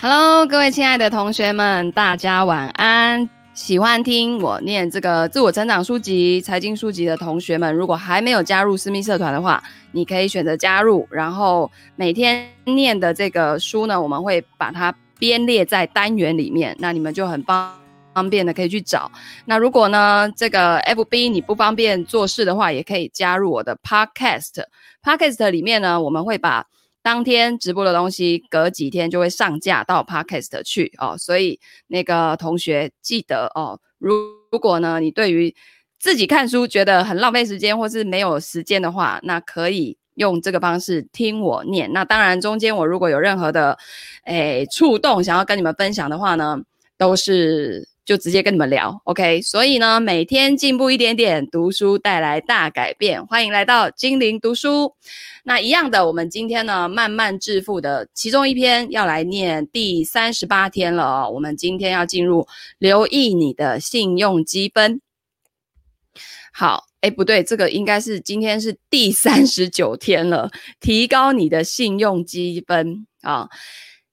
Hello，各位親愛的同學們，大家晚安。喜歡聽我念這個自我成長書籍、財經書籍的同學們，如果還沒有加入私密社團的話，你可以選擇加入。然後每天念的這個書呢，我們會把它編列在單元裡面，那你們就很方方便的可以去找。那如果呢，這個 FB 你不方便做事的話，也可以加入我的 Podcast。Podcast 裡面呢，我們會把。當天直播的東西，隔幾天就會上架到 Podcast 去哦。所以那個同學記得哦，如果呢，你對於自己看書覺得很浪費時間，或是沒有時間的話，那可以用這個方式聽我念。那當然，中間我如果有任何的誒、哎、觸動，想要跟你們分享的話呢，都是。就直接跟你們聊，OK？所以呢，每天進步一點點，讀書帶來大改變。歡迎來到菁羚讀書。那一樣的，我們今天呢，慢慢致富的其中一篇要來念第三十八天了哦。我們今天要進入留意你的信用積分。好，哎，不對，這個應該是今天是第三十九天了，提高你的信用積分啊。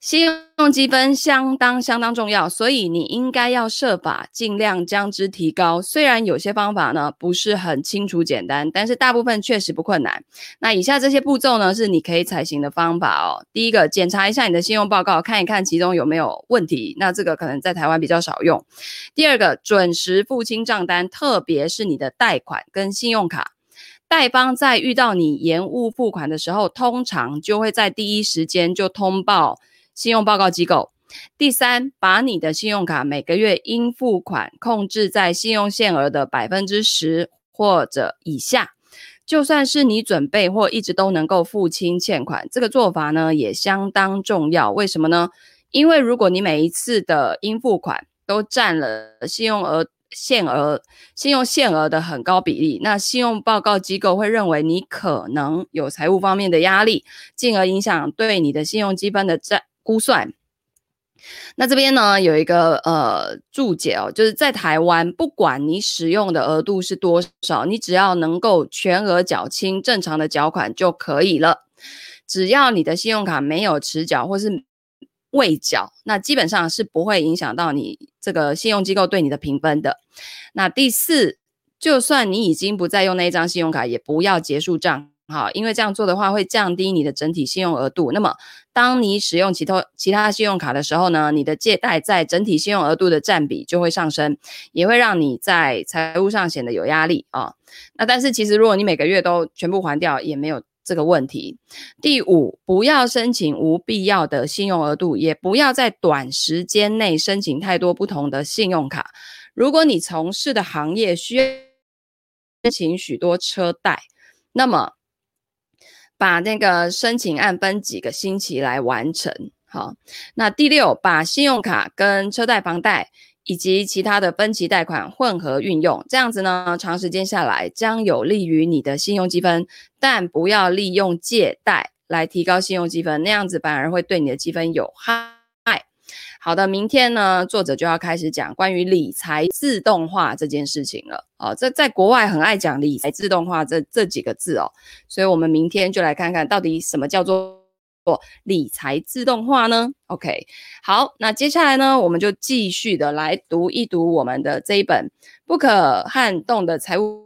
信用積分相當相當重要，所以你應該要設法盡量將之提高。雖然有些方法呢，不是很清楚簡單，但是大部分確實不困難。那以下這些步驟呢，是你可以採行的方法哦。第一個，檢查一下你的信用報告，看一看其中有沒有問題。那這個可能在台灣比較少用。第二個，準時付清賬單，特別是你的貸款跟信用卡。貸方在遇到你延誤付款的時候，通常就會在第一時間就通報信用報告機構。第三，把你的信用卡每個月應付款控制在信用限額的百分之十或者以下。就算是你準備或一直都能夠付清欠款，這個做法呢也相當重要。為什麼呢？因為如果你每一次的應付款都佔了信用額限額、信用限額的很高比例，那信用報告機構會認為你可能有財務方面的壓力，進而影響對你的信用積分的佔估算。那這邊呢有一個呃註解哦，就是在台灣，不管你使用的額度是多少，你只要能夠全額繳清正常的繳款就可以了。只要你的信用卡沒有遲繳或是未繳，那基本上是不會影響到你這個信用機構對你的評分的。那第四，就算你已經不再用那一張信用卡，也不要結束賬好，因為這樣做的話會降低你的整體信用額度。那麼，當你使用其他其他信用卡的時候呢，你的借貸在整體信用額度的占比就會上升，也會讓你在財務上顯得有壓力啊。那但是其實，如果你每個月都全部還掉，也沒有這個問題。第五，不要申請無必要的信用額度，也不要在短時間內申請太多不同的信用卡。如果你從事的行業需要申請許多車貸，那麼把那個申請案分幾個星期來完成，好。那第六，把信用卡跟車貸、房貸以及其他的分期貸款混合運用，這樣子呢，長時間下來將有利於你的信用積分，但不要利用借貸來提高信用積分，那樣子反而會對你的積分有害。好的，明天呢，作者就要開始講關於理財自動化這件事情了。哦，這在國外很愛講理財自動化這這幾個字哦，所以我們明天就來看看到底什麼叫做理財自動化呢？OK，好，那接下來呢，我們就繼續的來讀一讀我們的這一本不可撼動的財務自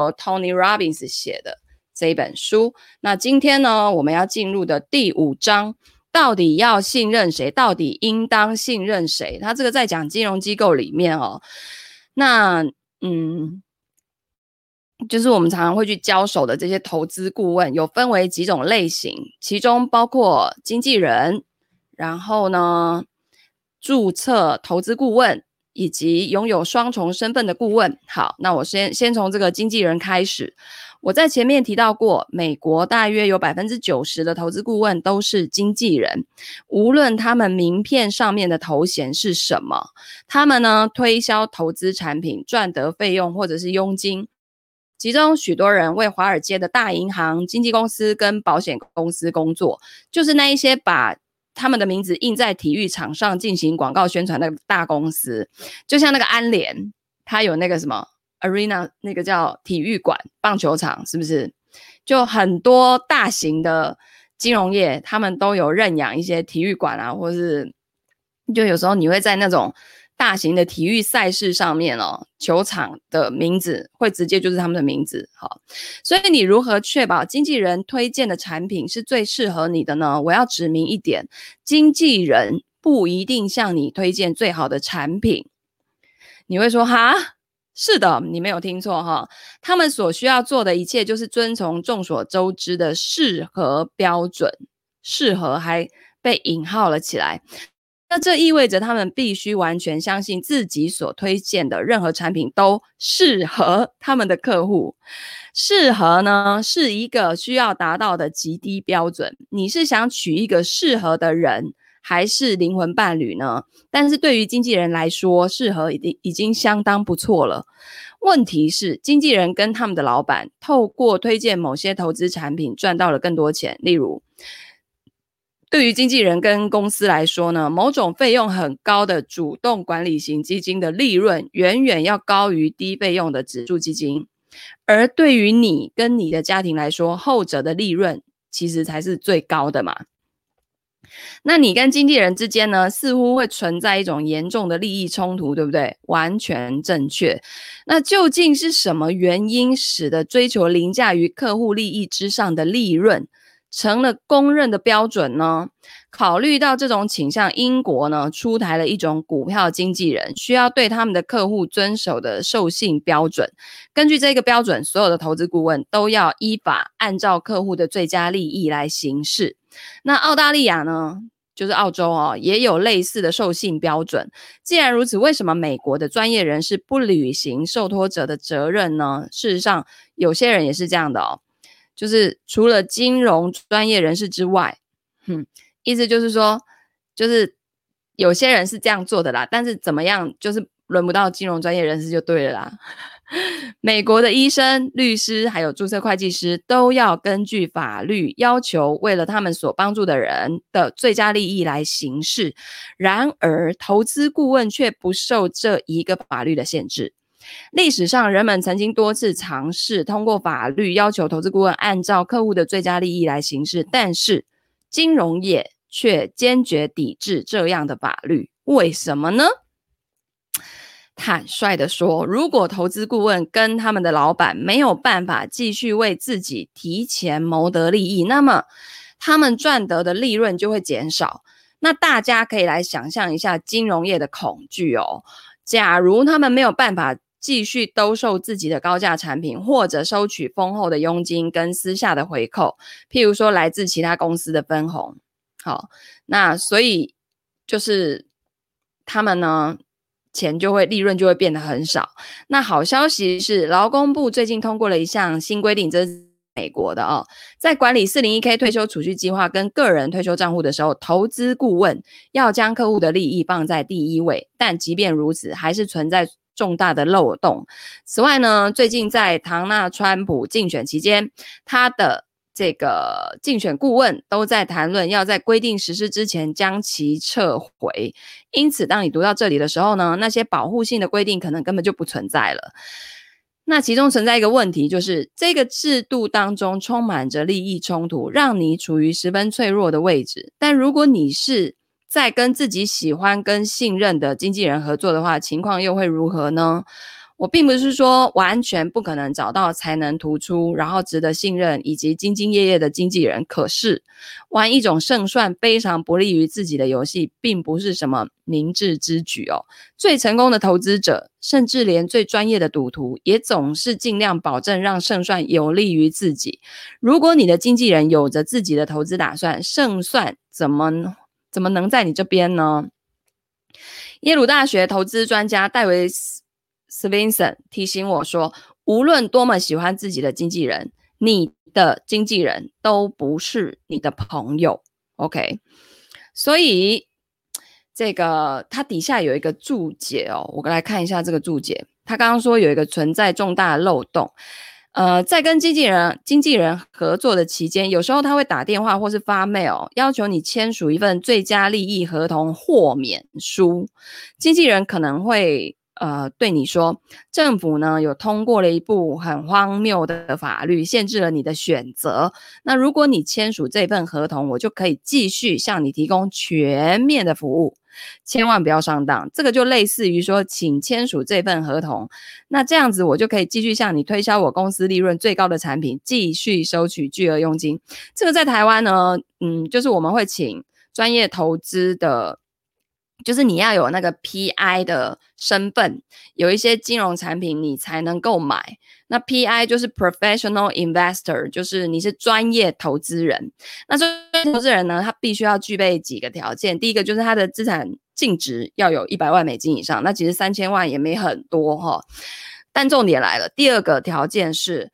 由，Tony Robbins 寫的這一本書。那今天呢，我們要進入的第五章。到底要信任誰？到底應當信任誰？他這個在講金融機構裡面哦，那嗯，就是我們常常會去交手的這些投資顧問，有分為幾種類型，其中包括經紀人，然後呢，註冊投資顧問，以及擁有雙重身份的顧問。好，那我先先從這個經紀人開始。我在前面提到過，美國大約有百分之九十的投資顧問都是經紀人，無論他們名片上面的頭銜是什麼，他們呢，推銷投資產品，賺得費用或者是佣金，其中許多人為華爾街的大銀行、經紀公司跟保險公司工作，就是那一些把他們的名字印在體育場上進行廣告宣傳的大公司，就像那個安聯，它有那個什麼？Arena 那個叫體育館、棒球場，是不是？就很多大型的金融業，他們都有認養一些體育館啊，或者是就有時候你會在那種大型的體育賽事上面哦，球場的名字會直接就是他們的名字。好，所以你如何確保經紀人推薦的產品是最適合你的呢？我要指明一點，經紀人不一定向你推薦最好的產品。你會說哈？是的，你沒有聽錯哈，他們所需要做的一切就是遵從眾所周知的適合標準，適合還被引號了起來。那這意味着他們必須完全相信自己所推薦的任何產品都適合他們的客戶。適合呢，是一個需要達到的極低標準。你是想娶一個適合的人？還是靈魂伴侶呢？但是對於經紀人來說，適合已經已經相當不錯了。問題是，經紀人跟他們的老板透過推薦某些投資產品賺到了更多錢。例如，對於經紀人跟公司來說呢，某種費用很高的主動管理型基金的利潤遠遠要高於低費用的指數基金，而對於你跟你的家庭來說，後者的利潤其實才是最高的嘛。那你跟經紀人之間呢，似乎會存在一種嚴重的利益衝突，對不對？完全正確。那究竟是什麼原因使得追求凌駕於客戶利益之上的利潤成了公認的標準呢？考慮到這種傾向，英國呢出台了一種股票經紀人需要對他們的客戶遵守的受信標準。根據這個標準，所有的投資顧問都要依法按照客戶的最佳利益來行事。那澳大利亞呢，就是澳洲哦，也有類似的受信標準。既然如此，為什麼美國的專業人士不履行受托者的責任呢？事實上，有些人也是這樣的哦，就是除了金融專業人士之外，哼、嗯，意思就是說，就是有些人是這樣做的啦。但是怎麼樣，就是輪不到金融專業人士就對了啦。美國的醫生、律師還有註冊會計師都要根據法律要求，為了他們所幫助的人的最佳利益來行事。然而，投資顧問卻不受這一個法律的限制。歷史上，人們曾經多次嘗試通過法律要求投資顧問按照客戶的最佳利益來行事，但是金融業卻堅決抵制這樣的法律。為什麼呢？坦率地說，如果投資顧問跟他們的老板沒有辦法繼續為自己提前謀得利益，那麼他們賺得的利潤就會減少。那大家可以來想象一下金融業的恐懼哦。假如他們沒有辦法繼續兜售自己的高價產品，或者收取豐厚的佣金跟私下的回扣，譬如說來自其他公司的分紅。好，那所以就是他們呢。錢就會利潤就會變得很少。那好消息是，勞工部最近通過了一項新規定，這是美國的哦。在管理四零一 K 退休儲蓄計劃跟個人退休賬戶的時候，投資顧問要將客戶的利益放在第一位。但即便如此，還是存在重大的漏洞。此外呢，最近在唐納川普競選期間，他的這個競選顧問都在談論要在規定實施之前將其撤回，因此，當你讀到這裡的時候呢，那些保護性的規定可能根本就不存在了。那其中存在一個問題，就是這個制度當中充滿着利益衝突，讓你處於十分脆弱的位置。但如果你是在跟自己喜歡、跟信任的經紀人合作的話，情況又會如何呢？我並不是說完全不可能找到才能突出，然後值得信任以及兢兢業業的經紀人。可是玩一種勝算非常不利於自己的遊戲，並不是什麼明智之舉哦。最成功的投資者，甚至連最專業的賭徒，也總是盡量保證讓勝算有利於自己。如果你的經紀人有着自己的投資打算，勝算怎麼怎麼能在你這邊呢？耶魯大學投資專家戴維斯。Swinson 提醒我說：“無論多麼喜歡自己的經紀人，你的經紀人都不是你的朋友。Okay ” OK，所以這個他底下有一個註解哦，我來看一下這個註解。他剛剛說有一個存在重大的漏洞，呃，在跟經紀人經紀人合作的期間，有時候他會打電話或是發 mail 要求你簽署一份最佳利益合同豁免書，經紀人可能會。呃，對你說，政府呢有通過了一部很荒謬的法律，限制了你的選擇。那如果你簽署這份合同，我就可以繼續向你提供全面的服務。千萬不要上當。這個就類似於說，請簽署這份合同。那這樣子，我就可以繼續向你推銷我公司利潤最高的產品，繼續收取巨額佣金。這個在台灣呢，嗯，就是我們會請專業投資的。就是你要有那個 PI 的身份，有一些金融產品你才能購買。那 PI 就是 professional investor，就是你是專業投資人。那專業投資人呢，他必須要具備幾個條件。第一個就是他的資產淨值要有一百萬美金以上，那其實三千萬也沒很多哈、哦。但重點來了，第二個條件是，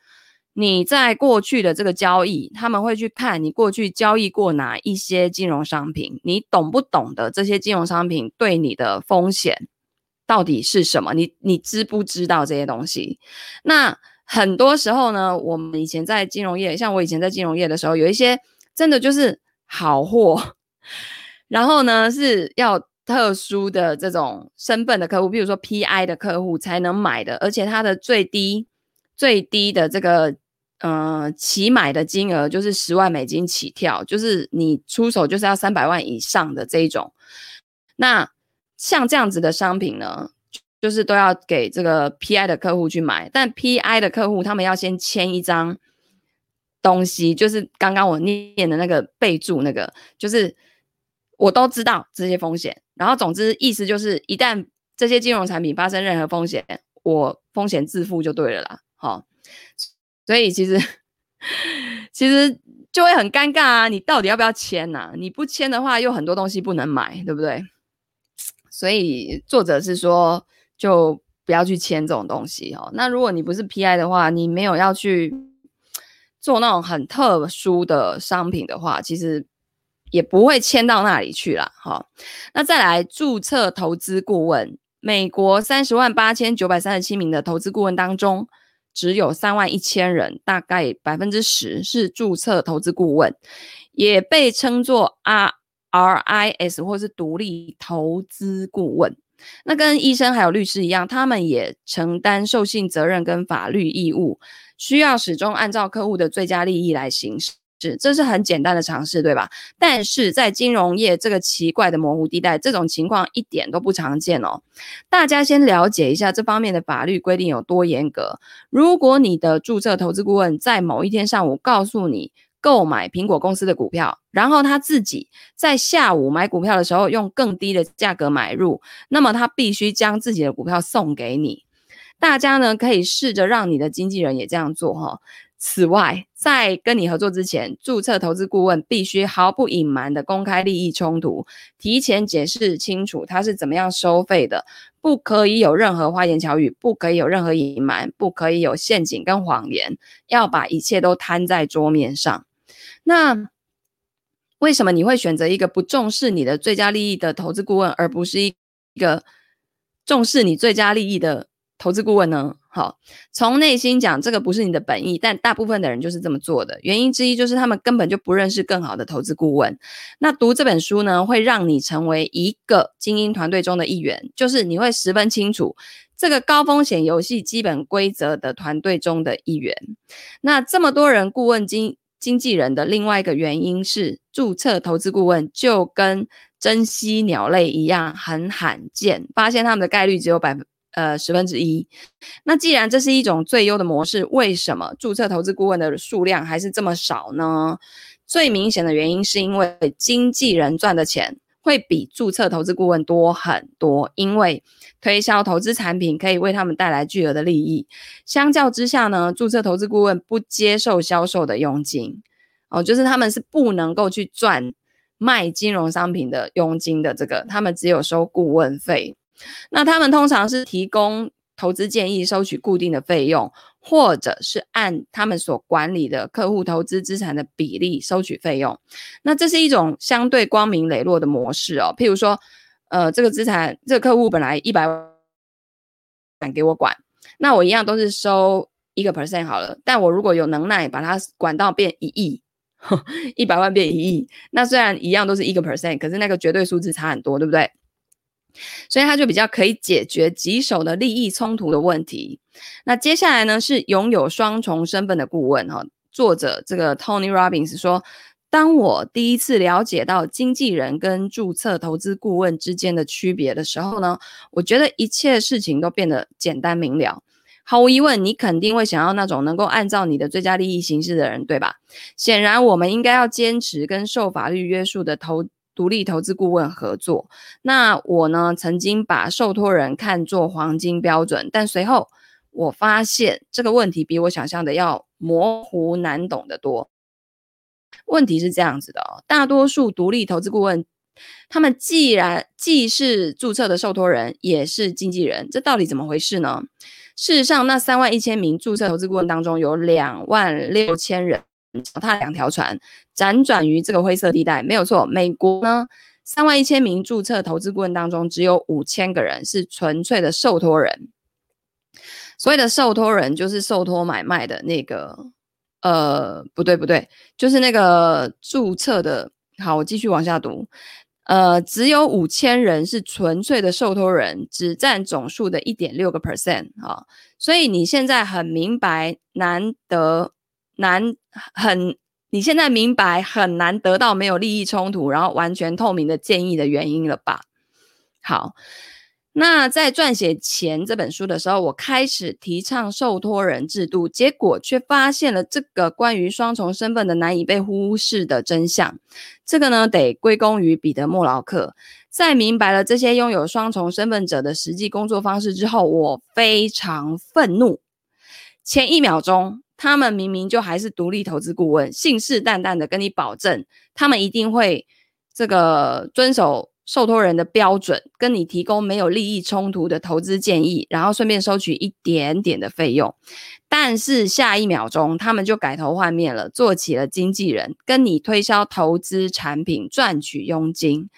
你在過去的這個交易，他們會去看你過去交易過哪一些金融商品，你懂不懂得這些金融商品對你的風險到底是什麼？你，你知不知道這些東西？那很多時候呢，我們以前在金融業，像我以前在金融業的時候，有一些真的就是好貨，然後呢是要特殊的這種身份的客戶，比如說 PI 的客戶才能買的，而且它的最低最低的這個。呃，起買的金額就是十萬美金起跳，就是你出手就是要三百萬以上的這一種。那像這樣子的商品呢，就是都要給這個 PI 的客戶去買。但 PI 的客戶他們要先簽一張東西，就是剛剛我念的那個備註，那個就是我都知道這些風險。然後總之意思就是，一旦這些金融產品發生任何風險，我風險自負就對了啦。好、哦。所以其實，其實就會很尷尬啊！你到底要不要簽啊？你不簽的話，又很多東西不能買，對不對？所以作者是說，就不要去簽這種東西哦。那如果你不是 PI 的話，你沒有要去做那種很特殊的商品的話，其實也不會簽到那裡去啦。哈，那再來註冊投資顧問，美國三十萬八千九百三十七名的投資顧問當中。只有三萬一千人，大概百分之十是註冊投資顧問，也被稱作 R R I S 或是獨立投資顧問。那跟醫生還有律師一樣，他們也承擔受信責任跟法律義務，需要始終按照客戶的最佳利益來行事。是，這是很簡單的嘗試，對吧？但是在金融業這個奇怪的模糊地帶，這種情況一點都不常見哦。大家先了解一下這方面的法律規定有多嚴格。如果你的注冊投資顧問在某一天上午告訴你購買蘋果公司的股票，然後他自己在下午買股票的時候用更低的價格買入，那麼他必須將自己的股票送給你。大家呢，可以試着讓你的經紀人也這樣做哈、哦。此外，在跟你合作之前，註冊投資顧問必須毫不隱瞞的公開利益衝突，提前解釋清楚他是怎麼樣收費的，不可以有任何花言巧語，不可以有任何隱瞞，不可以有陷阱跟謊言，要把一切都攤在桌面上。那為什麼你會選擇一個不重視你的最佳利益的投資顧問，而不是一一個重視你最佳利益的投資顧問呢？好，從內心講，這個不是你的本意，但大部分的人就是這麼做的。原因之一就是他們根本就不認識更好的投資顧問。那讀這本書呢，會讓你成為一個精英團隊中的一員，就是你會十分清楚這個高風險遊戲基本規則的團隊中的一員。那這麼多人顧問經經紀人的另外一個原因是，註冊投資顧問就跟珍稀鳥類一樣，很罕見，發現他們的概率只有百分。呃，十分之一。那既然這是一種最優的模式，為什麼注冊投資顧問的數量還是這麼少呢？最明顯的原因是因為經紀人賺的錢會比注冊投資顧問多很多，因為推銷投資產品可以為他們帶來巨額的利益。相較之下呢，注冊投資顧問不接受銷售的佣金，哦，就是他們是不能夠去賺賣金融商品的佣金的這個，他們只有收顧問費。那他們通常是提供投資建議，收取固定的費用，或者是按他們所管理的客戶投資資產的比例收取費用。那這是一種相對光明磊落的模式哦。譬如說，呃，這個資產，這個客戶本來一百萬，敢給我管，那我一樣都是收一個 percent 好了。但我如果有能耐把它管到變一億，呵，一百萬變一億，那雖然一樣都是一個 percent，可是那個絕對數字差很多，對不對？所以他就比較可以解決棘手的利益衝突的問題。那接下來呢，是擁有雙重身份的顧問哈，作者這個 Tony Robbins 說，當我第一次了解到經紀人跟注冊投資顧問之間的區別的時候呢，我覺得一切事情都變得簡單明了。毫無疑問，你肯定會想要那種能夠按照你的最佳利益行事的人，對吧？顯然，我們應該要堅持跟受法律約束的投。獨立投資顧問合作，那我呢？曾經把受托人看作黃金標準，但隨後我發現這個問題比我想象的要模糊難懂得多。問題是這樣子的哦，大多數獨立投資顧問，他們既然既是注冊的受托人，也是經紀人，這到底怎麼回事呢？事實上，那三萬一千名注冊投資顧問當中，有兩萬六千人腳踏兩條船。輾轉於這個灰色地帶沒有錯。美國呢，三萬一千名注冊投資顧問當中，只有五千個人是純粹的受托人。所謂的受托人，就是受托買賣的那個……呃，不對不對，就是那個注冊的。好，我繼續往下讀。呃，只有五千人是純粹的受托人，只占總數的一點六個 percent 啊。所以你現在很明白難，難得難很。你現在明白很難得到沒有利益衝突，然後完全透明的建議的原因了吧？好，那在撰寫前這本書的時候，我開始提倡受托人制度，結果卻發現了這個關於雙重身份的難以被忽視的真相。這個呢，得歸功於彼得·莫勞克。在明白了這些擁有雙重身份者的實際工作方式之後，我非常憤怒。前一秒鐘。他們明明就還是獨立投資顧問，信誓旦旦的跟你保證，他們一定會這個遵守受托人的標準，跟你提供沒有利益衝突的投資建議，然後順便收取一點點的費用。但是下一秒鐘，他們就改頭換面了，做起了經紀人，跟你推銷投資產品，賺取佣金。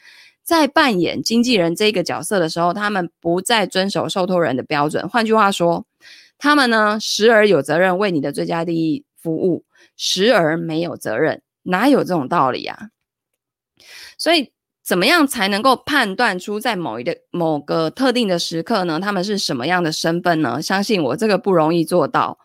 在扮演經紀人這個角色的時候，他們不再遵守受托人的標準，換句話說。他們呢，時而有責任為你的最佳利益服務，時而沒有責任，哪有這種道理呀？所以，怎麼樣才能夠判斷出在某一個某個特定的時刻呢？他們是什麼樣的身份呢？相信我，這個不容易做到。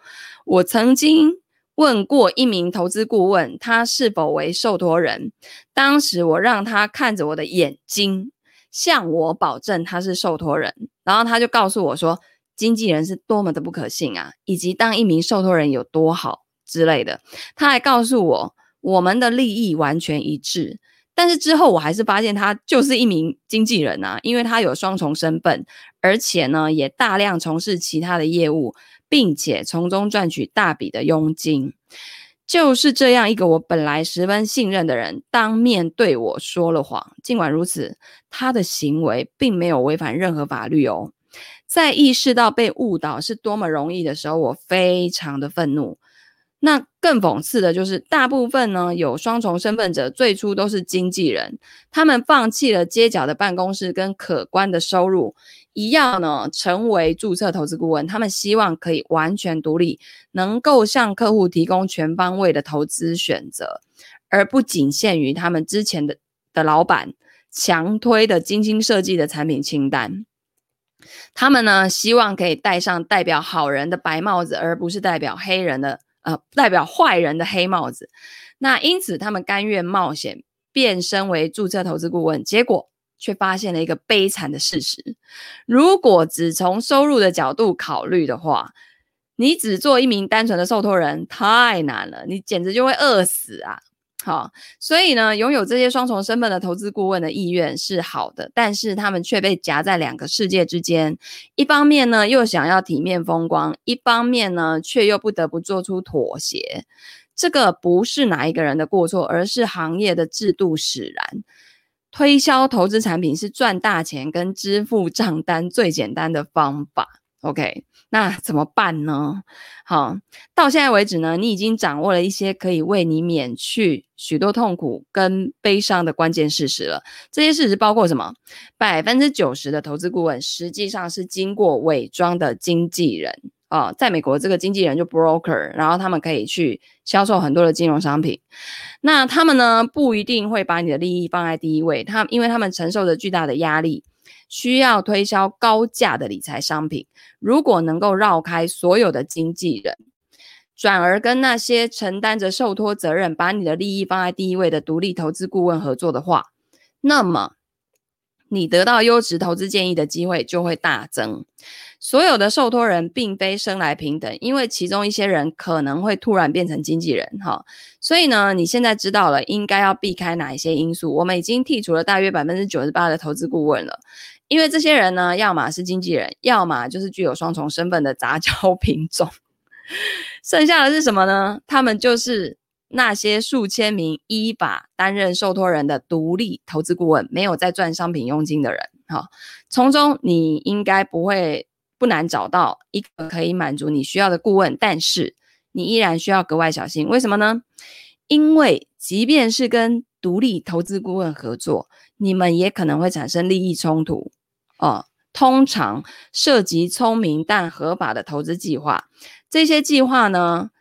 我曾經問過一名投資顧問，他是否為受託人。當時我讓他看着我的眼睛，向我保證他是受託人，然後他就告訴我說。經紀人是多麼的不可信啊，以及當一名受托人有多好之類的。他還告訴我，我們的利益完全一致。但是之後我還是發現他就是一名經紀人啊，因為他有雙重身份，而且呢也大量從事其他的業務，並且從中賺取大筆的佣金。就是這樣一個我本來十分信任的人，當面對我說了謊。儘管如此，他的行為並沒有違反任何法律哦。在意識到被誤導是多麼容易的時候，我非常的憤怒。那更諷刺的就是，大部分呢有雙重身份者最初都是經紀人，他們放棄了街角的辦公室跟可觀的收入，一樣呢成為注冊投資顧問，他們希望可以完全獨立，能夠向客戶提供全方位的投資選擇，而不僅限於他們之前的的老板強推的精心設計的產品清單。他們呢，希望可以戴上代表好人的白帽子，而不是代表黑人的，呃，代表壞人的黑帽子。那因此，他們甘願冒險變身為注冊投資顧問，結果卻發現了一個悲慘的事實：如果只從收入的角度考慮的話，你只做一名單純的受託人，太難了，你簡直就會餓死啊！好，所以呢，擁有這些雙重身份的投資顧問的意願是好的，但是他們卻被夾在兩個世界之間，一方面呢又想要體面風光，一方面呢卻又不得不做出妥協。這個不是哪一個人的過錯，而是行業的制度使然。推銷投資產品是賺大錢跟支付賬單最簡單的方法。OK。那怎麼辦呢？好，到現在為止呢，你已經掌握了一些可以為你免去許多痛苦跟悲傷的關鍵事實了。這些事實包括什麼？百分之九十的投資顧問實際上是經過偽裝的經紀人哦，在美國這個經紀人就 broker，然後他們可以去銷售很多的金融商品。那他們呢，不一定會把你的利益放在第一位，他因為他們承受着巨大的壓力。需要推銷高價的理財商品，如果能夠繞開所有的經紀人，轉而跟那些承擔着受托責任、把你的利益放在第一位的獨立投資顧問合作的話，那麼你得到優質投資建議的機會就會大增。所有的受託人並非生來平等，因為其中一些人可能會突然變成經紀人，哈、哦。所以呢，你現在知道了應該要避開哪一些因素。我們已經剔除了大約百分之九十八的投資顧問了，因為這些人呢，要麼是經紀人，要麼就是具有雙重身份的雜交品種。剩下的是什麼呢？他們就是那些數千名依法擔任受託人的獨立投資顧問，沒有在賺商品傭金的人，哈、哦。從中你應該不會。不難找到一個可以滿足你需要的顧問，但是你依然需要格外小心。為什麼呢？因為即便是跟獨立投資顧問合作，你們也可能會產生利益衝突。哦，通常涉及聰明但合法的投資計劃，這些計劃呢，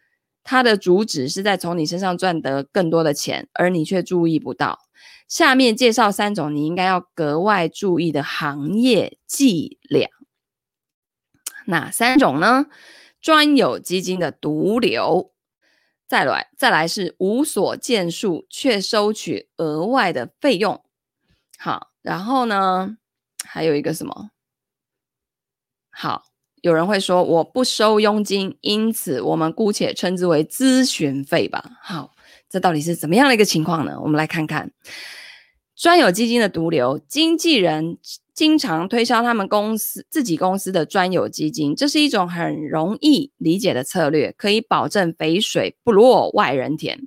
它的主旨是在從你身上賺得更多的錢，而你卻注意不到。下面介紹三種你應該要格外注意的行業伎倆。哪三種呢？專有基金的毒瘤，再來，再來是無所建樹卻收取額外的費用。好，然後呢，還有一個什麼？好，有人會說我不收佣金，因此我們姑且稱之為諮詢費吧。好，這到底是怎麼樣的一個情況呢？我們來看看。專有基金的毒瘤，經紀人經常推銷他們公司自己公司的專有基金，這是一種很容易理解的策略，可以保證肥水不落外人田。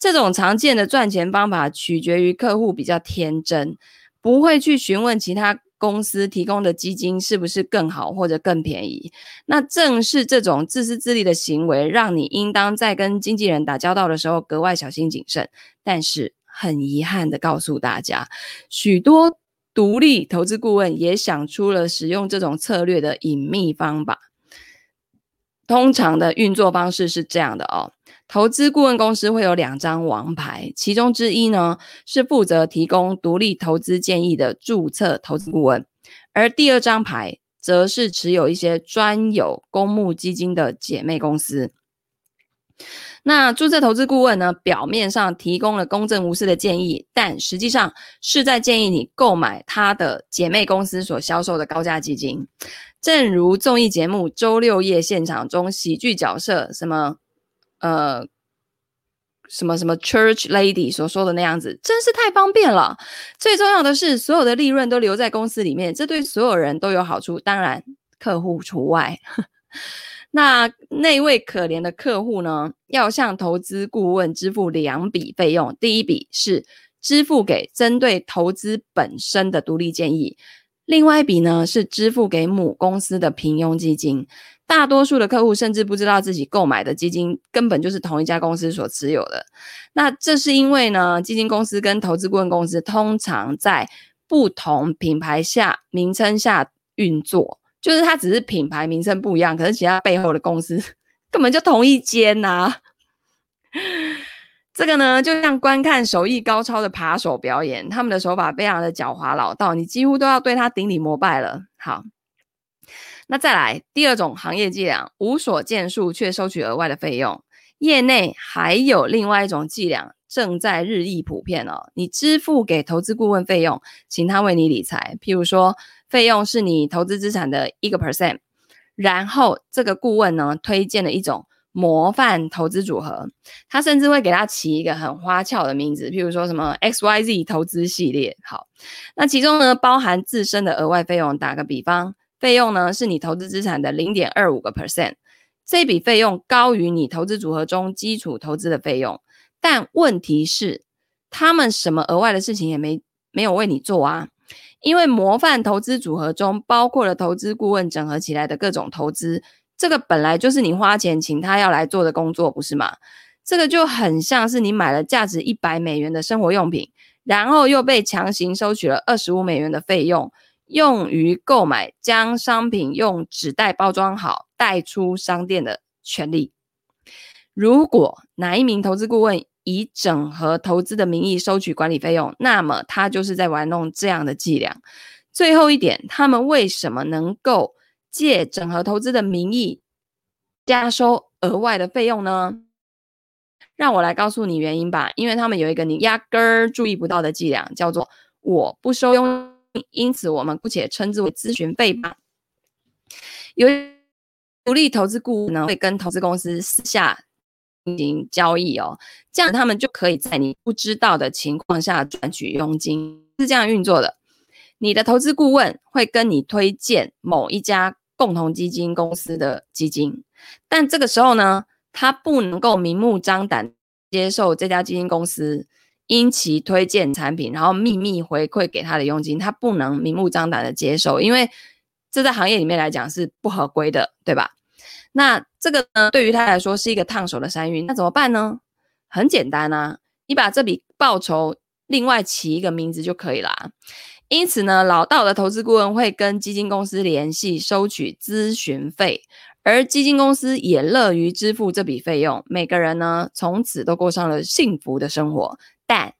這種常見的賺錢方法取決於客戶比較天真，不會去詢問其他公司提供的基金是不是更好或者更便宜。那正是這種自私自利的行為，讓你應當在跟經紀人打交道的時候格外小心謹慎。但是。很遺憾地告訴大家，許多獨立投資顧問也想出了使用這種策略的隱秘方法。通常的運作方式是這樣的哦，投資顧問公司會有兩張王牌，其中之一呢，是負責提供獨立投資建議的注冊投資顧問，而第二張牌則是持有一些專有公募基金的姐妹公司。那註冊投資顧問呢？表面上提供了公正無私的建議，但實際上是在建議你購買他的姐妹公司所銷售的高價基金。正如綜藝節目《周六夜現場》中喜劇角色什麼呃什麼什麼 Church Lady 所說的那樣子，真是太方便了。最重要的是，所有的利潤都留在公司裡面，這對所有人都有好處，當然客戶除外。 那那位可憐的客戶呢，要向投資顧問支付兩筆費用，第一筆是支付給針對投資本身的獨立建議，另外一筆呢，是支付給母公司的平庸基金。大多數的客戶甚至不知道自己購買的基金根本就是同一家公司所持有的。那這是因為呢，基金公司跟投資顧問公司通常在不同品牌下，名稱下運作。就是它只是品牌名稱不一樣，可是其他背後的公司根本就同一間吶、啊。這個呢，就像觀看手藝高超的扒手表演，他們的手法非常的狡猾老道，你幾乎都要對他頂禮膜拜了。好，那再來第二種行業伎倆，無所建樹卻收取額外的費用。業內還有另外一種伎倆正在日益普遍哦，你支付給投資顧問費用，請他為你理財，譬如說。費用是你投資資產的一個 percent，然後這個顧問呢推薦了一種模範投資組合，他甚至會給它起一個很花俏的名字，譬如說什麼 XYZ 投資系列。好，那其中呢包含自身的額外費用。打個比方，費用呢是你投資資產的零點二五個 percent，這筆費用高於你投資組合中基礎投資的費用，但問題是，他們什麼額外的事情也沒沒有為你做啊。因為模範投資組合中包括了投資顧問整合起來的各種投資，這個本來就是你花錢請他要來做的工作，不是嗎？這個就很像是你買了價值一百美元的生活用品，然後又被強行收取了二十五美元的費用，用於購買將商品用紙袋包裝好帶出商店的權利。如果哪一名投資顧問，以整合投資的名義收取管理費用，那麼他就是在玩弄這樣的伎倆。最後一點，他們為什麼能夠借整合投資的名義加收額外的費用呢？讓我來告訴你原因吧。因為他們有一個你壓根兒注意不到的伎倆，叫做“我不收佣”，因此我們姑且稱之為諮詢費吧。由於獨立投資顧問呢，會跟投資公司私下進行交易，哦，這樣他們就可以在你不知道的情況下賺取佣金，是這樣運作的。你的投資顧問會跟你推薦某一家共同基金公司的基金，但這個時候呢，他不能夠明目張膽接受這家基金公司因其推薦產品，然後秘密回饋給他的佣金，他不能明目張膽的接受，因為這在行業裡面來講是不合規的，對吧？那這個呢，對於他來說是一個燙手的山芋，那怎麼辦呢？很簡單啊，你把這筆報酬另外起一個名字就可以啦啊。因此呢，老道的投資顧問會跟基金公司聯繫，收取諮詢費，而基金公司也樂於支付這筆費用。每個人呢，從此都過上了幸福的生活，但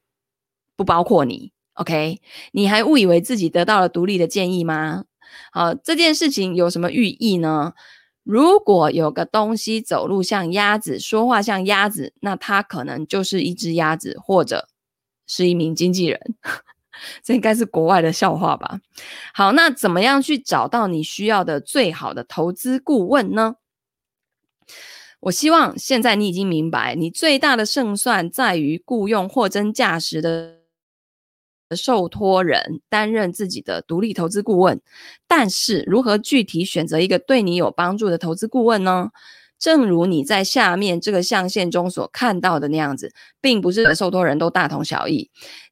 不包括你。OK，你還誤以為自己得到了獨立的建議嗎？好啊，這件事情有什麼寓意呢？如果有個東西走路像鴨子，說話像鴨子，那它可能就是一隻鴨子，或者是一名經紀人。 這應該是國外的笑話吧？好，那怎麼樣去找到你需要的最好的投資顧問呢？我希望現在你已經明白，你最大的勝算在於僱傭貨真價實的。受託人擔任自己的獨立投資顧問，但是如何具體選擇一個對你有幫助的投資顧問呢？正如你在下面這個象限中所看到的那樣子，並不是受託人都大同小異。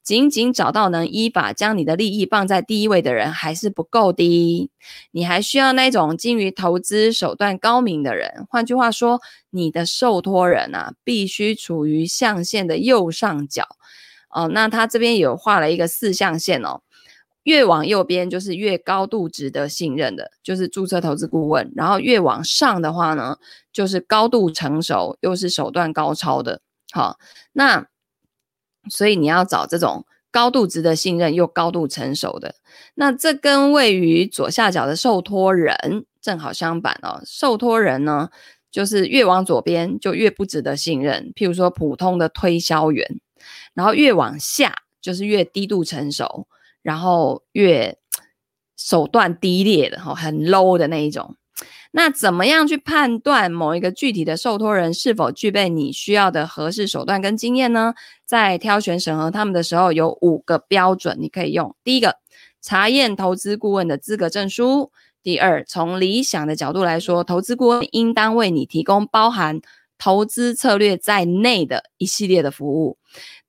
僅僅找到能依法將你的利益放在第一位的人還是不夠的，你還需要那種精於投資、手段高明的人。換句話說，你的受託人啊，必須處於象限的右上角。哦，那他這邊有畫了一個四象限哦，越往右邊就是越高度值得信任的，就是註冊投資顧問。然後越往上的話呢，就是高度成熟又是手段高超的。好、哦，那所以你要找這種高度值得信任又高度成熟的。那這跟位於左下角的受托人正好相反哦。受托人呢，就是越往左邊就越不值得信任。譬如說普通的推銷員。然後越往下，就是越低度成熟，然後越手段低劣的哈，很 low 的那一種。那怎麼樣去判斷某一個具體的受托人是否具備你需要的合適手段跟經驗呢？在挑選審核他們的時候，有五個標準你可以用。第一個，查驗投資顧問的資格證書。第二，從理想的角度來說，投資顧問應當為你提供包含。投資策略在內的一系列的服務。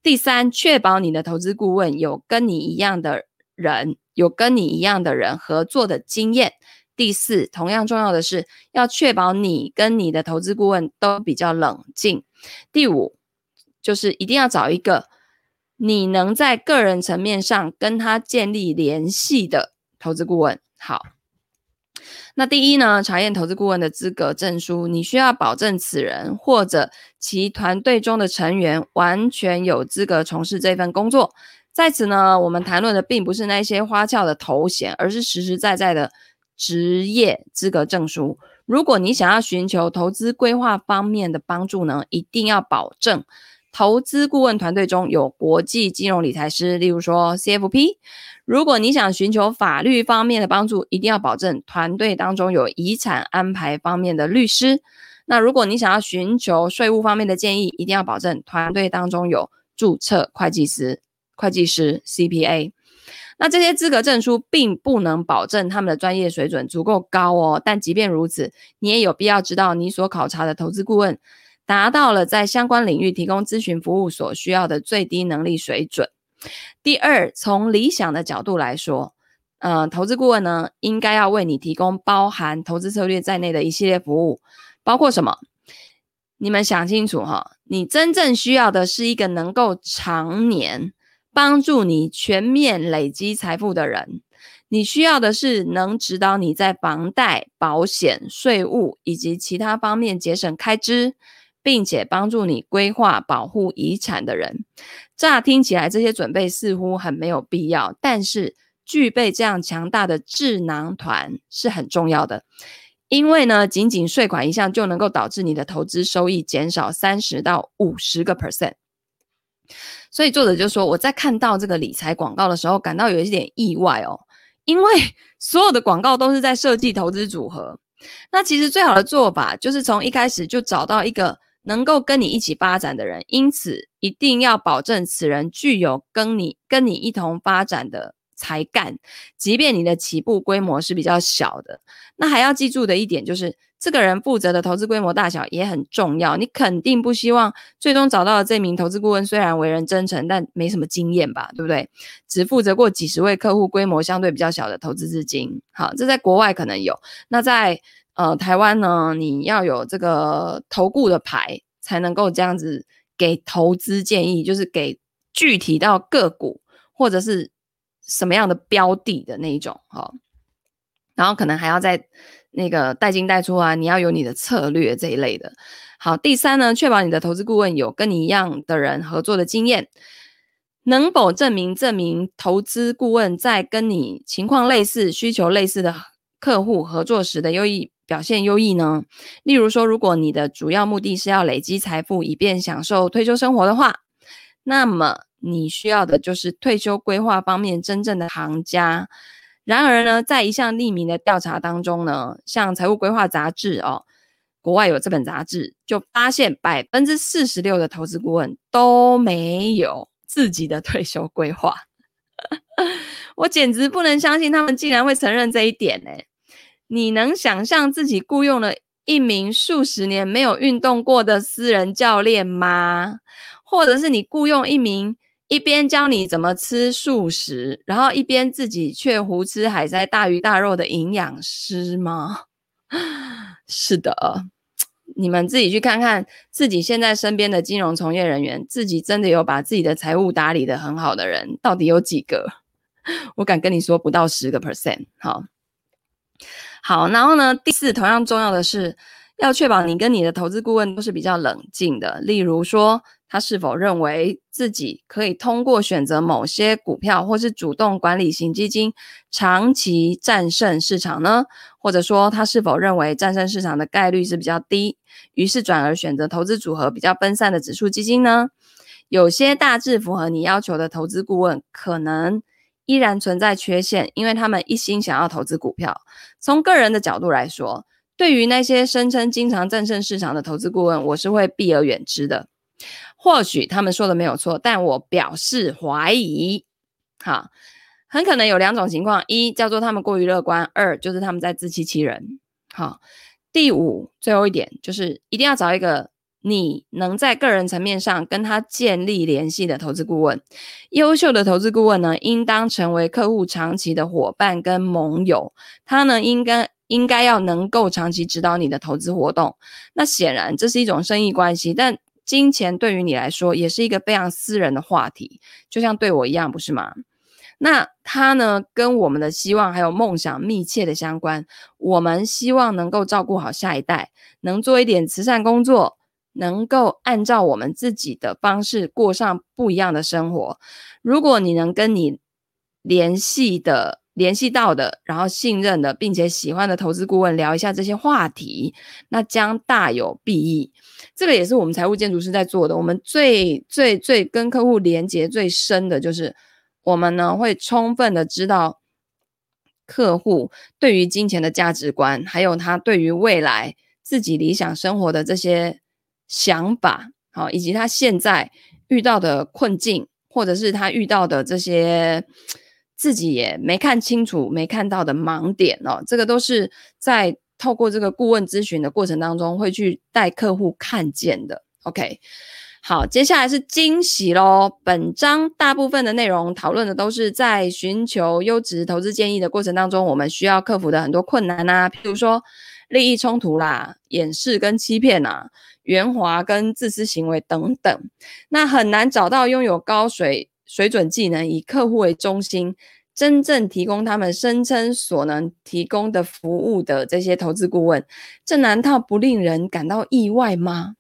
第三，確保你的投資顧問有跟你一樣的人，有跟你一樣的人合作的經驗。第四，同樣重要的是要確保你跟你的投資顧問都比較冷靜。第五，就是一定要找一個你能在個人層面上跟他建立聯繫的投資顧問。好。那第一呢，查驗投資顧問的資格證書，你需要保證此人或者其團隊中的成員完全有資格從事這份工作。在此呢，我們談論的並不是那些花俏的頭銜，而是實實在在的職業資格證書。如果你想要尋求投資規劃方面的幫助呢，一定要保證。投資顧問團隊中有國際金融理財師，例如說 CFP。如果你想尋求法律方面的幫助，一定要保證團隊當中有遺產安排方面的律師。那如果你想要尋求稅務方面的建議，一定要保證團隊當中有註冊會計師、會計師 CPA。那這些資格證書並不能保證他們的專業水準足夠高哦，但即便如此，你也有必要知道你所考察的投資顧問。達到了在相關領域提供諮詢服務所需要的最低能力水準。第二，從理想的角度來說，呃，投資顧問呢，應該要為你提供包含投資策略在內的一系列服務，包括什麼？你們想清楚哈，你真正需要的是一個能夠常年幫助你全面累積財富的人，你需要的是能指導你在房貸、保險、稅務以及其他方面節省開支。並且幫助你規劃保護遺產的人，乍聽起來這些準備似乎很沒有必要，但是具備這樣強大的智囊團是很重要的，因為呢，僅僅稅款一項就能夠導致你的投資收益減少三十到五十個 percent。所以作者就說：“我在看到這個理財廣告的時候，感到有一點意外哦，因為所有的廣告都是在設計投資組合。那其實最好的做法就是從一開始就找到一個。”能夠跟你一起發展的人，因此一定要保證此人具有跟你跟你一同發展的才幹。即便你的起步規模是比較小的，那還要記住的一點就是，這個人負責的投資規模大小也很重要。你肯定不希望最終找到的這名投資顧問雖然為人真誠，但沒什麼經驗吧？對不對？只負責過幾十位客戶，規模相對比較小的投資資金。好，這在國外可能有，那在。呃，台灣呢，你要有這個投顧的牌，才能夠這樣子給投資建議，就是給具體到個股或者是什麼樣的標的的那一種哈、哦。然後可能還要在那個帶進帶出啊，你要有你的策略這一類的。好，第三呢，確保你的投資顧問有跟你一樣的人合作的經驗，能否證明證明投資顧問在跟你情況類似、需求類似的客戶合作時的優異表現優異呢，例如說，如果你的主要目的是要累積財富以便享受退休生活的話，那麼你需要的就是退休規劃方面真正的行家。然而呢，在一項匿名的調查當中呢，像財務規劃雜誌哦，國外有這本雜誌，就發現百分之四十六的投資顧問都沒有自己的退休規劃。 我簡直不能相信他們竟然會承認這一點呢！你能想象自己雇傭了一名數十年沒有運動過的私人教練嗎？或者是你雇傭一名一邊教你怎麼吃素食，然後一邊自己卻胡吃海塞大魚大肉的營養師嗎？是的，你們自己去看看，自己現在身邊的金融從業人員，自己真的有把自己的財務打理得很好的人，到底有幾個？我敢跟你說，不到十個 percent。好。好，然後呢，第四，同樣重要的是，要確保你跟你的投資顧問都是比較冷靜的。例如說，他是否認為自己可以通過選擇某些股票，或是主動管理型基金，長期戰勝市場呢？或者說，他是否認為戰勝市場的概率是比較低，於是轉而選擇投資組合比較分散的指數基金呢？有些大致符合你要求的投資顧問，可能。依然存在缺陷，因為他們一心想要投資股票。從個人的角度來說，對於那些聲稱經常戰勝市場的投資顧問，我是會避而遠之的。或許他們說的沒有錯，但我表示懷疑。哈，很可能有兩種情況：一叫做他們過於樂觀；二就是他們在自欺欺人。哈，第五，最後一點就是一定要找一個你能在個人層面上跟他建立聯繫的投資顧問，優秀的投資顧問呢，應當成為客戶長期的伙伴跟盟友。他呢，應該應該要能夠長期指導你的投資活動。那顯然這是一種生意關係，但金錢對於你來說也是一個非常私人的話題，就像對我一樣，不是嗎？那他呢，跟我們的希望還有夢想密切的相關。我們希望能夠照顧好下一代，能做一點慈善工作。能夠按照我們自己的方式過上不一樣的生活。如果你能跟你聯繫的、聯繫到的、然後信任的，並且喜歡的投資顧問聊一下這些話題，那將大有裨益。這個也是我們財務建築師在做的。我們最最最跟客戶連接最深的就是，我們呢會充分的知道客戶對於金錢的價值觀，還有他對於未來自己理想生活的這些。想法，好，以及他現在遇到的困境，或者是他遇到的這些自己也沒看清楚、沒看到的盲點哦，這個都是在透過這個顧問諮詢的過程當中，會去帶客戶看見的。OK，好，接下來是驚喜嘍。本章大部分的內容討論的都是在尋求優質投資建議的過程當中，我們需要克服的很多困難啊，譬如說。利益衝突啦，掩飾跟欺騙吶、啊，圓滑跟自私行為等等，那很難找到擁有高水水準技能、以客戶為中心、真正提供他們聲稱所能提供的服務的這些投資顧問，這難道不令人感到意外嗎？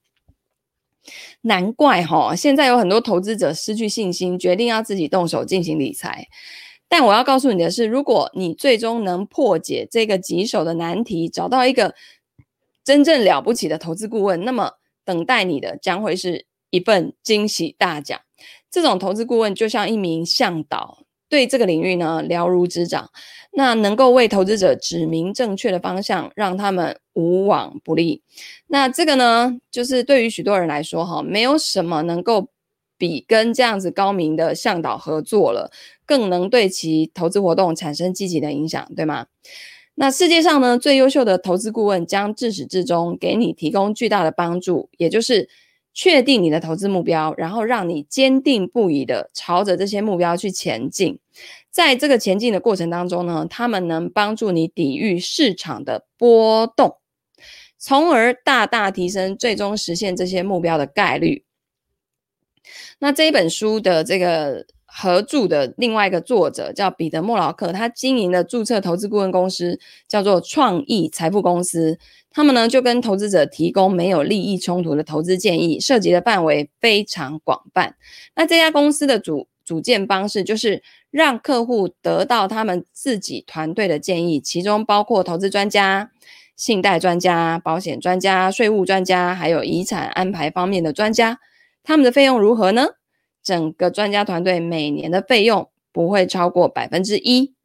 難怪齁，現在有很多投資者失去信心，決定要自己動手進行理財。但我要告訴你的是，如果你最終能破解這個棘手的難題，找到一個真正了不起的投資顧問，那麼等待你的將會是一份驚喜大獎。這種投資顧問就像一名向導，對這個領域呢了如指掌，那能夠為投資者指明正確的方向，讓他們無往不利。那這個呢，就是對於許多人來說，哈，沒有什麼能夠。比跟這樣子高明的向導合作了，更能對其投資活動產生積極的影響，對嗎？那世界上呢，最優秀的投資顧問將自始至終給你提供巨大的幫助，也就是確定你的投資目標，然後讓你堅定不移的朝着這些目標去前進。在這個前進的過程當中呢，他們能幫助你抵禦市場的波動，從而大大提升最終實現這些目標的概率。那這一本書的這個合著的另外一個作者叫彼得·莫勞克，他經營的註冊投資顧問公司叫做創意財富公司。他們呢，就跟投資者提供沒有利益衝突的投資建議，涉及的範圍非常廣泛。那這家公司的組組建方式就是讓客戶得到他們自己團隊的建議，其中包括投資專家、信貸專家、保險專家、稅務專家，還有遺產安排方面的專家。他們的費用如何呢？整個專家團隊每年的費用不會超過百分之一。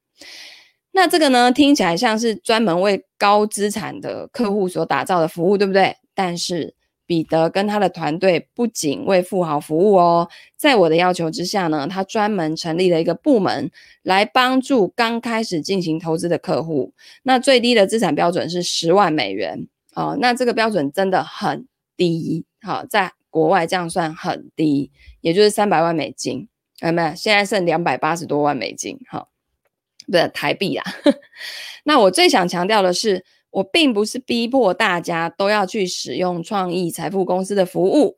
那這個呢，聽起來像是專門為高資產的客戶所打造的服務，對不對？但是彼得跟他的團隊不僅為富豪服務哦，在我的要求之下呢，他專門成立了一個部門來幫助剛開始進行投資的客戶。那最低的資產標準是十萬美元哦，那這個標準真的很低。好，哦，在國外這樣算很低，也就是三百萬美金，哎，沒有，現在剩兩百八十多萬美金，哈，不是台幣啦，啊。 那我最想強調的是，我並不是逼迫大家都要去使用創意財富公司的服務，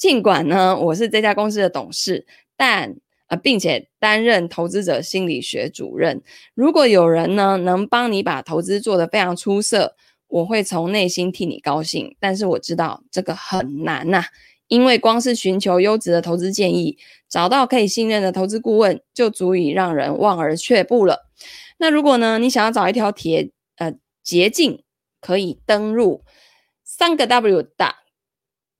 儘管呢，我是這家公司的董事，但呃，並且擔任投資者心理學主任。如果有人呢，能幫你把投資做得非常出色。我會從內心替你高興，但是我知道這個很難吶、啊，因為光是尋求優質的投資建議，找到可以信任的投資顧問，就足以讓人望而卻步了。那如果呢，你想要找一條鐵呃捷徑，可以登入三個 W dot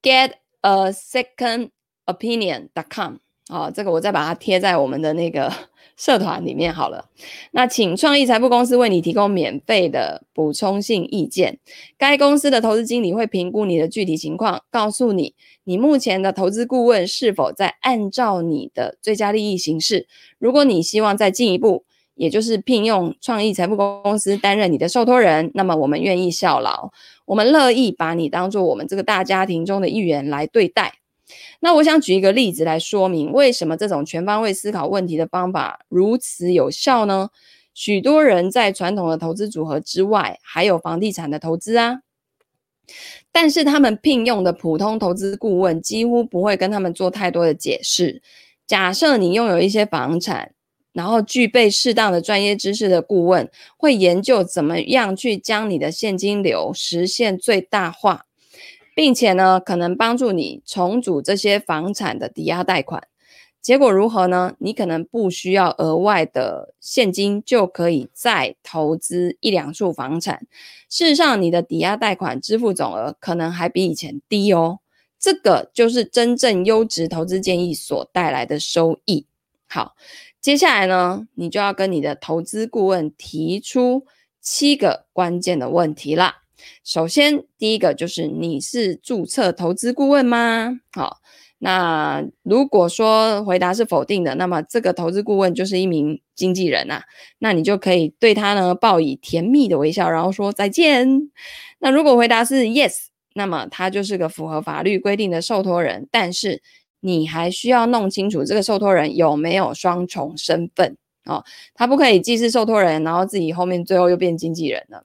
get a second opinion dot com。好、哦，這個我再把它貼在我們的那個社團裡面好了。那請創意財富公司為你提供免費的補充性意見。該公司的投資經理會評估你的具體情況，告訴你你目前的投資顧問是否在按照你的最佳利益行事。如果你希望再進一步，也就是聘用創意財富公司擔任你的受託人，那麼我們願意效勞，我們樂意把你當做我們這個大家庭中的一員來對待。那我想舉一個例子來說明，為什麼這種全方位思考問題的方法如此有效呢？許多人在傳統的投資組合之外，還有房地產的投資啊。但是他們聘用的普通投資顧問幾乎不會跟他們做太多的解釋。假設你擁有一些房產，然後具備適當的專業知識的顧問，會研究怎麼樣去將你的現金流實現最大化。並且呢，可能幫助你重組這些房產的抵押貸款，結果如何呢？你可能不需要額外的現金就可以再投資一兩處房產。事實上，你的抵押貸款支付總額可能還比以前低哦。這個就是真正優質投資建議所帶來的收益。好，接下來呢，你就要跟你的投資顧問提出七個關鍵的問題啦。首先，第一個就是你是注冊投資顧問嗎？好，那如果說回答是否定的，那麼這個投資顧問就是一名經紀人吶啊，那你就可以對他呢報以甜蜜的微笑，然後說再見。那如果回答是 yes，那麼他就是個符合法律規定的受托人，但是你還需要弄清楚這個受托人有沒有雙重身份哦。他不可以既是受托人，然後自己後面最後又變經紀人了。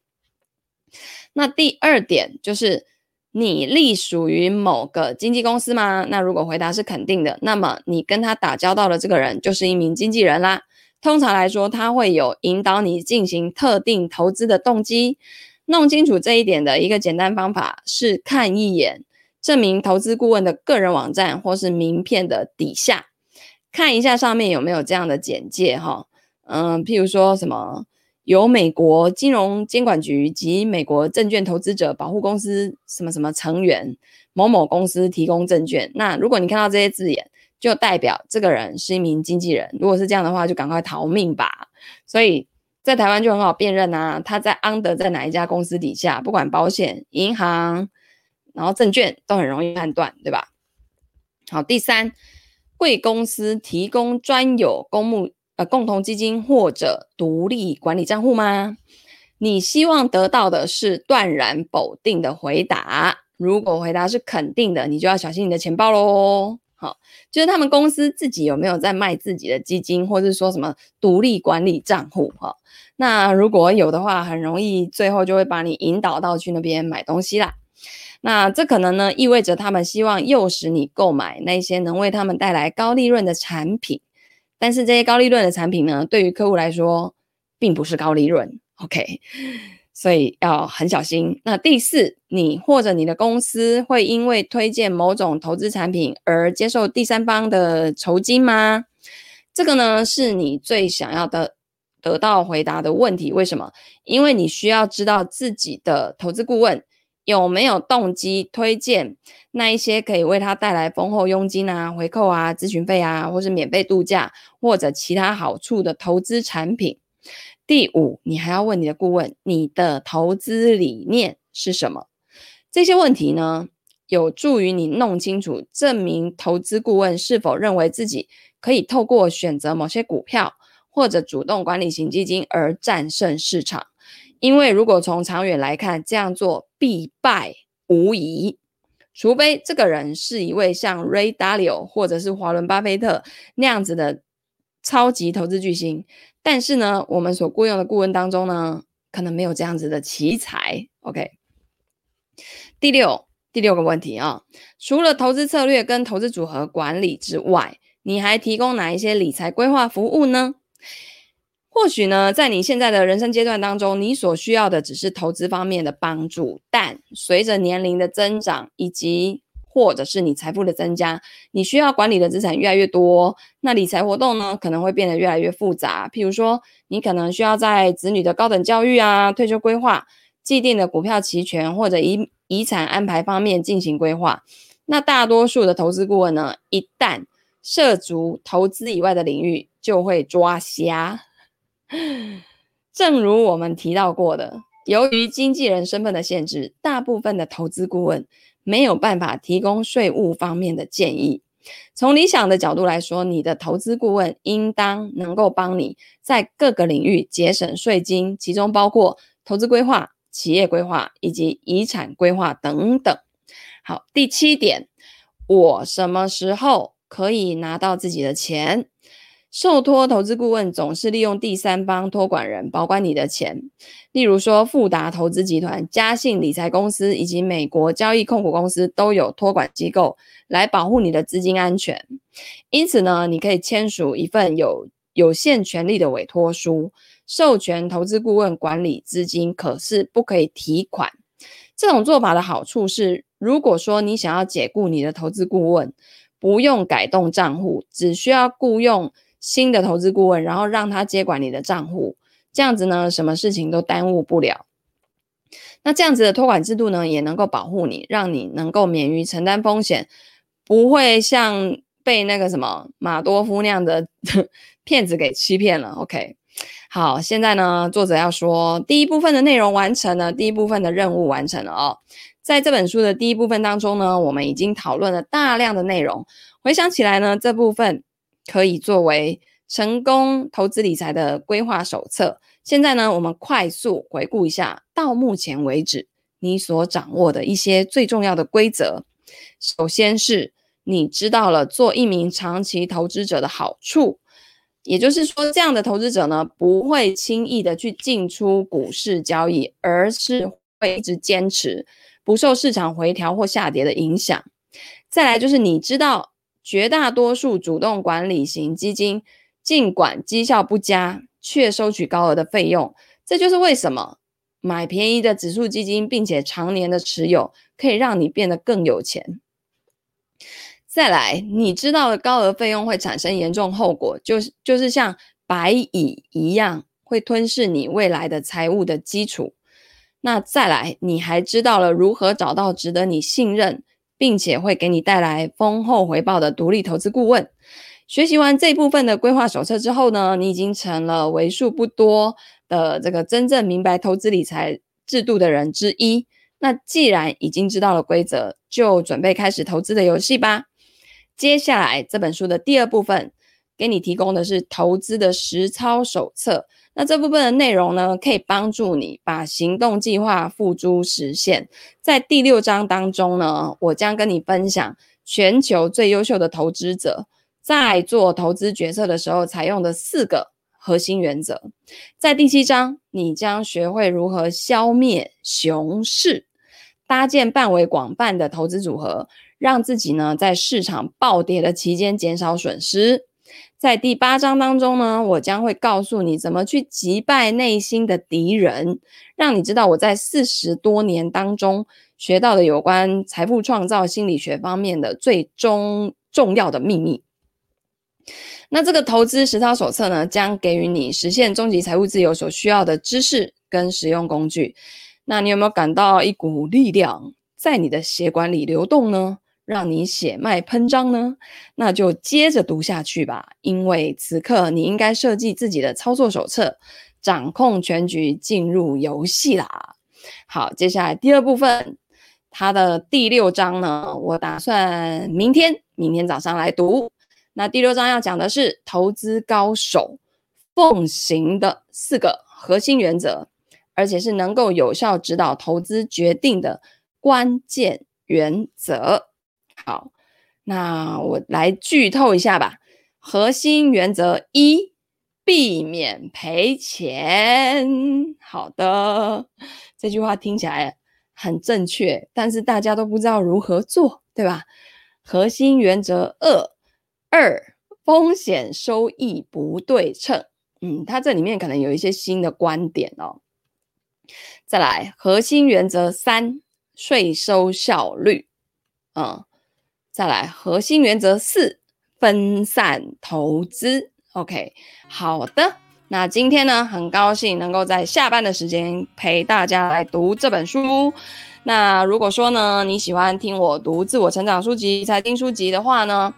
那第二點就是，你隸屬於某個經紀公司嗎？那如果回答是肯定的，那麼你跟他打交道的這個人就是一名經紀人啦。通常來說，他會有引導你進行特定投資的動機。弄清楚這一點的一個簡單方法是看一眼這名投資顧問的個人網站或是名片的底下，看一下上面有沒有這樣的簡介哈。嗯，譬如說什麼。由美國金融監管局及美國證券投資者保護公司什麼什麼成員，某某公司提供證券，那如果你看到這些字眼，就代表這個人是一名經紀人。如果是這樣的話，就趕快逃命吧。所以在台灣就很好辨認啊，他在安德在哪一家公司底下，不管保險、銀行，然後證券都很容易判斷，對吧？好，第三，貴公司提供專有公募共同基金或者獨立管理賬戶嗎？你希望得到的是斷然否定的回答。如果回答是肯定的，你就要小心你的錢包嘍。好，就是他們公司自己有沒有在賣自己的基金，或是說什麼獨立管理賬戶？哈，那如果有的話，很容易最後就會把你引導到去那邊買東西啦。那這可能呢，意味着他們希望誘使你購買那些能為他們帶來高利潤的產品。但是這些高利潤的產品呢，對於客戶來說並不是高利潤，OK，所以要很小心。那第四，你或者你的公司會因為推薦某種投資產品而接受第三方的酬金嗎？這個呢，是你最想要的得，得到回答的問題。為什麼？因為你需要知道自己的投資顧問。有沒有動機推薦那一些可以為他帶來豐厚佣金啊、回扣啊、諮詢費啊，或是免費度假或者其他好處的投資產品？第五，你還要問你的顧問，你的投資理念是什麼？這些問題呢，有助於你弄清楚，證明投資顧問是否認為自己可以透過選擇某些股票或者主動管理型基金而戰勝市場。因為如果從長遠來看，這樣做必敗無疑，除非這個人是一位像 Ray Dalio 或者是華倫巴菲特那樣子的超級投資巨星。但是呢，我們所雇傭的顧問當中呢，可能沒有這樣子的奇才。OK，第六第六個問題啊，除了投資策略跟投資組合管理之外，你還提供哪一些理財規劃服務呢？或許呢，在你現在的人生階段當中，你所需要的只是投資方面的幫助。但隨着年齡的增長，以及或者是你財富的增加，你需要管理的資產越來越多，那理財活動呢，可能會變得越來越複雜。譬如說，你可能需要在子女的高等教育啊、退休規劃、既定的股票期權或者遺遺產安排方面進行規劃。那大多數的投資顧問呢，一旦涉足投資以外的領域，就會抓瞎。正如我們提到過的，由於經紀人身份的限制，大部分的投資顧問沒有辦法提供稅務方面的建議。從理想的角度來說，你的投資顧問應當能夠幫你在各個領域節省稅金，其中包括投資規劃、企業規劃以及遺產規劃等等。好，第七點，我什麼時候可以拿到自己的錢？受託投資顧問總是利用第三方托管人保管你的錢，例如說富達投資集團、嘉信理財公司以及美國交易控股公司都有托管機構來保護你的資金安全。因此呢，你可以簽署一份有有限權利的委託書，授權投資顧問管理資金，可是不可以提款。這種做法的好處是，如果說你想要解雇你的投資顧問，不用改動賬戶，只需要雇傭。新的投資顧問，然後讓他接管你的賬戶，這樣子呢，什麼事情都耽誤不了。那這樣子的托管制度呢，也能夠保護你，讓你能夠免於承擔風險，不會像被那個什麼馬多夫那樣的騙子給欺騙了。OK，好，現在呢，作者要說，第一部分的內容完成了，第一部分的任務完成了哦。在這本書的第一部分當中呢，我們已經討論了大量的內容，回想起來呢，這部分。可以作為成功投資理財的規劃手冊。現在呢，我們快速回顧一下，到目前為止，你所掌握的一些最重要的規則。首先是你知道了做一名長期投資者的好處，也就是說，這樣的投資者呢，不會輕易的去進出股市交易，而是會一直堅持，不受市場回調或下跌的影響。再來就是你知道。絕大多數主動管理型基金，儘管績效不佳，卻收取高額的費用。這就是為什麼買便宜的指數基金，並且常年的持有，可以讓你變得更有錢。再來，你知道了高額費用會產生嚴重後果，就是就是像白蟻一樣，會吞噬你未來的財務的基礎。那再來，你還知道了如何找到值得你信任。並且會給你帶來豐厚回報的獨立投資顧問。學習完這一部分的規劃手冊之後呢，你已經成了為數不多的這個真正明白投資理財制度的人之一。那既然已經知道了規則，就準備開始投資的遊戲吧。接下來這本書的第二部分，給你提供的是投資的實操手冊。那這部分的內容呢，可以幫助你把行動計劃付諸實現。在第六章當中呢，我將跟你分享全球最優秀的投資者在做投資決策的時候採用的四個核心原則。在第七章，你將學會如何消滅熊市，搭建範圍廣泛的投資組合，讓自己呢在市場暴跌的期間減少損失。在第八章當中呢，我將會告訴你怎麼去擊敗內心的敵人，讓你知道我在四十多年當中學到的有關財富創造心理學方面的最終重要的秘密。那這個投資實操手冊呢，將給予你實現終極財務自由所需要的知識跟實用工具。那你有沒有感到一股力量在你的血管裡流動呢？讓你血脈噴張呢？那就接着讀下去吧，因為此刻你應該設計自己的操作手冊，掌控全局，進入遊戲啦。好，接下來第二部分，它的第六章呢，我打算明天，明天早上來讀。那第六章要講的是投資高手奉行的四個核心原則，而且是能夠有效指導投資決定的關鍵原則。好，那我來劇透一下吧。核心原則一：避免賠錢。好的，這句話聽起來很正確，但是大家都不知道如何做，對吧？核心原則二：二，風險收益不對稱。嗯，它這裡面可能有一些新的觀點哦。再來，核心原則三：稅收效率。嗯。再來，核心原則四，分散投資。OK，好的。那今天呢，很高興能夠在下班的時間陪大家來讀這本書。那如果說呢，你喜歡聽我讀自我成長書籍、財經書籍的話呢，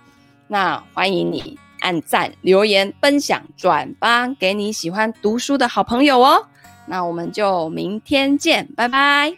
那歡迎你按讚、留言、分享、轉發給你喜歡讀書的好朋友哦。那我們就明天見，拜拜。